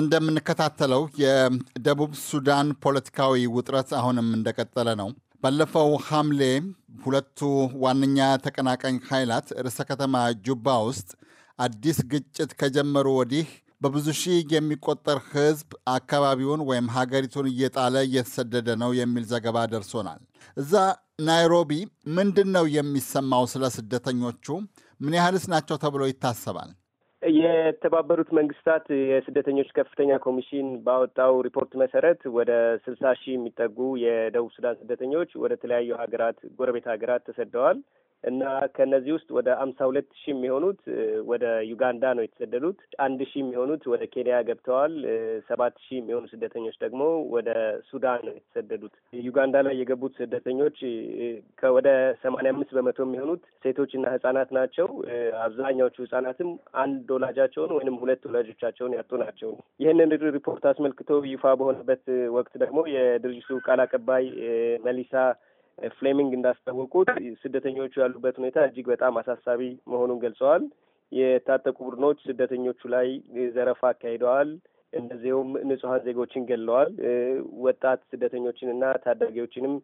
እንደምንከታተለው የደቡብ ሱዳን ፖለቲካዊ ውጥረት አሁንም እንደቀጠለ ነው። ባለፈው ሐምሌ ሁለቱ ዋነኛ ተቀናቃኝ ኃይላት ርዕሰ ከተማ ጁባ ውስጥ አዲስ ግጭት ከጀመሩ ወዲህ በብዙ ሺህ የሚቆጠር ሕዝብ አካባቢውን ወይም ሀገሪቱን እየጣለ እየተሰደደ ነው የሚል ዘገባ ደርሶናል። እዛ ናይሮቢ ምንድን ነው የሚሰማው? ስለ ስደተኞቹ ምን ያህልስ ናቸው ተብሎ ይታሰባል? የተባበሩት መንግስታት የስደተኞች ከፍተኛ ኮሚሽን ባወጣው ሪፖርት መሰረት ወደ ስልሳ ሺህ የሚጠጉ የደቡብ ሱዳን ስደተኞች ወደ ተለያዩ ሀገራት ጎረቤት ሀገራት ተሰደዋል። እና ከእነዚህ ውስጥ ወደ አምሳ ሁለት ሺህ የሚሆኑት ወደ ዩጋንዳ ነው የተሰደዱት። አንድ ሺህ የሚሆኑት ወደ ኬንያ ገብተዋል። ሰባት ሺህ የሚሆኑ ስደተኞች ደግሞ ወደ ሱዳን ነው የተሰደዱት። ዩጋንዳ ላይ የገቡት ስደተኞች ከወደ ሰማንያ አምስት በመቶ የሚሆኑት ሴቶችና ህጻናት ናቸው። አብዛኛዎቹ ህጻናትም አንድ ወላጃቸውን ወይንም ሁለት ወላጆቻቸውን ያጡ ናቸው። ይህንን ሪፖርት አስመልክቶ ይፋ በሆነበት ወቅት ደግሞ የድርጅቱ ቃል አቀባይ መሊሳ ፍሌሚንግ እንዳስታወቁት ስደተኞቹ ያሉበት ሁኔታ እጅግ በጣም አሳሳቢ መሆኑን ገልጸዋል። የታጠቁ ቡድኖች ስደተኞቹ ላይ ዘረፋ አካሂደዋል። እንደዚሁም ንጹሐን ዜጎችን ገለዋል። ወጣት ስደተኞችን እና ታዳጊዎችንም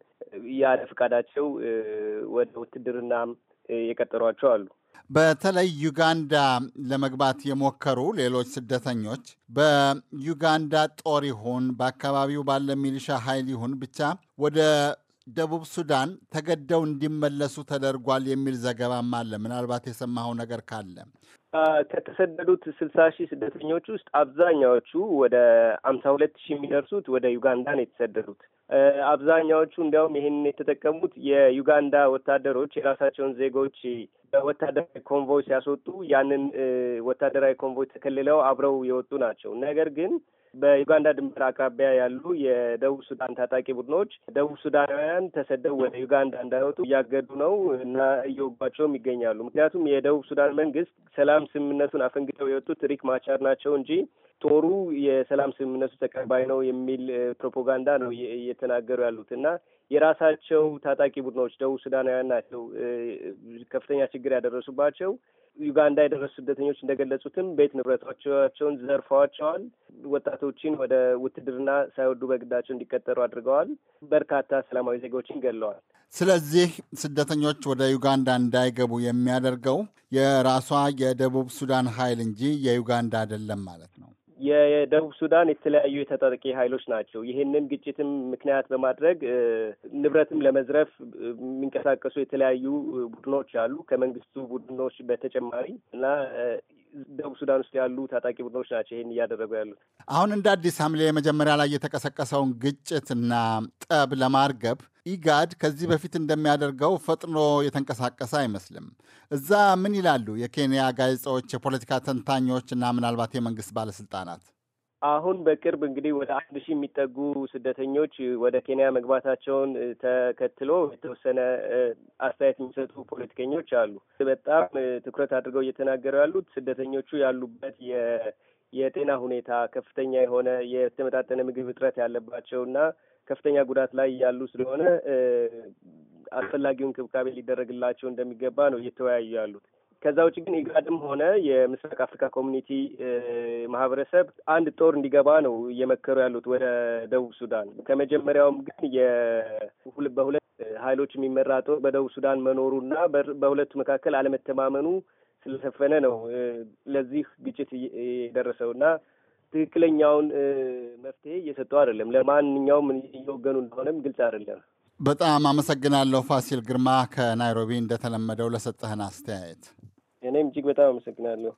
ያለ ፈቃዳቸው ወደ ውትድርና የቀጠሯቸው አሉ። በተለይ ዩጋንዳ ለመግባት የሞከሩ ሌሎች ስደተኞች በዩጋንዳ ጦር ይሁን በአካባቢው ባለ ሚሊሻ ኃይል ይሁን ብቻ ወደ ደቡብ ሱዳን ተገደው እንዲመለሱ ተደርጓል የሚል ዘገባም አለ። ምናልባት የሰማኸው ነገር ካለ ከተሰደዱት ስልሳ ሺህ ስደተኞች ውስጥ አብዛኛዎቹ ወደ አምሳ ሁለት ሺህ የሚደርሱት ወደ ዩጋንዳ ነው የተሰደዱት። አብዛኛዎቹ እንዲያውም ይህንን የተጠቀሙት የዩጋንዳ ወታደሮች የራሳቸውን ዜጎች ወታደራዊ ኮንቮይ ሲያስወጡ ያንን ወታደራዊ ኮንቮይ ተከልለው አብረው የወጡ ናቸው። ነገር ግን በዩጋንዳ ድንበር አቅራቢያ ያሉ የደቡብ ሱዳን ታጣቂ ቡድኖች ደቡብ ሱዳናውያን ተሰደው ወደ ዩጋንዳ እንዳይወጡ እያገዱ ነው እና እየወጓቸውም ይገኛሉ። ምክንያቱም የደቡብ ሱዳን መንግስት ሰላም ስምምነቱን አፈንግጠው የወጡት ሪክ ማቻር ናቸው እንጂ ጦሩ የሰላም ስምምነቱ ተቀባይ ነው የሚል ፕሮፓጋንዳ ነው እየተናገሩ ያሉት እና የራሳቸው ታጣቂ ቡድኖች ደቡብ ሱዳናውያን ናቸው ከፍተኛ ችግር ያደረሱባቸው። ዩጋንዳ የደረሱ ስደተኞች እንደገለጹትም ቤት ንብረቶቻቸውን ዘርፈዋቸዋል። ወጣቶችን ወደ ውትድርና ሳይወዱ በግዳቸው እንዲቀጠሩ አድርገዋል። በርካታ ሰላማዊ ዜጎችን ገለዋል። ስለዚህ ስደተኞች ወደ ዩጋንዳ እንዳይገቡ የሚያደርገው የራሷ የደቡብ ሱዳን ኃይል እንጂ የዩጋንዳ አይደለም ማለት የደቡብ ሱዳን የተለያዩ የተጠቂ ኃይሎች ናቸው። ይህንን ግጭትም ምክንያት በማድረግ ንብረትም ለመዝረፍ የሚንቀሳቀሱ የተለያዩ ቡድኖች አሉ ከመንግስቱ ቡድኖች በተጨማሪ እና ደቡብ ሱዳን ውስጥ ያሉ ታጣቂ ቡድኖች ናቸው ይህን እያደረጉ ያሉት። አሁን እንደ አዲስ ሐምሌ መጀመሪያ ላይ የተቀሰቀሰውን ግጭትና ጠብ ለማርገብ ኢጋድ ከዚህ በፊት እንደሚያደርገው ፈጥኖ የተንቀሳቀሰ አይመስልም። እዛ ምን ይላሉ የኬንያ ጋዜጣዎች፣ የፖለቲካ ተንታኞች እና ምናልባት የመንግስት ባለስልጣናት? አሁን በቅርብ እንግዲህ ወደ አንድ ሺህ የሚጠጉ ስደተኞች ወደ ኬንያ መግባታቸውን ተከትሎ የተወሰነ አስተያየት የሚሰጡ ፖለቲከኞች አሉ። በጣም ትኩረት አድርገው እየተናገሩ ያሉት ስደተኞቹ ያሉበት የጤና ሁኔታ ከፍተኛ የሆነ የተመጣጠነ ምግብ እጥረት ያለባቸው እና ከፍተኛ ጉዳት ላይ ያሉ ስለሆነ አስፈላጊውን እንክብካቤ ሊደረግላቸው እንደሚገባ ነው እየተወያዩ ያሉት። ከዛ ውጭ ግን ኢጋድም ሆነ የምስራቅ አፍሪካ ኮሚኒቲ ማህበረሰብ አንድ ጦር እንዲገባ ነው እየመከሩ ያሉት ወደ ደቡብ ሱዳን። ከመጀመሪያውም ግን በሁለት ኃይሎች የሚመራ ጦር በደቡብ ሱዳን መኖሩና በሁለቱ መካከል አለመተማመኑ ስለሰፈነ ነው ለዚህ ግጭት የደረሰው እና ትክክለኛውን መፍትሄ እየሰጡ አይደለም። ለማንኛውም እየወገኑ እንደሆነም ግልጽ አይደለም። በጣም አመሰግናለሁ ፋሲል ግርማ ከናይሮቢ እንደተለመደው ለሰጠህን አስተያየት። እኔም እጅግ በጣም አመሰግናለሁ።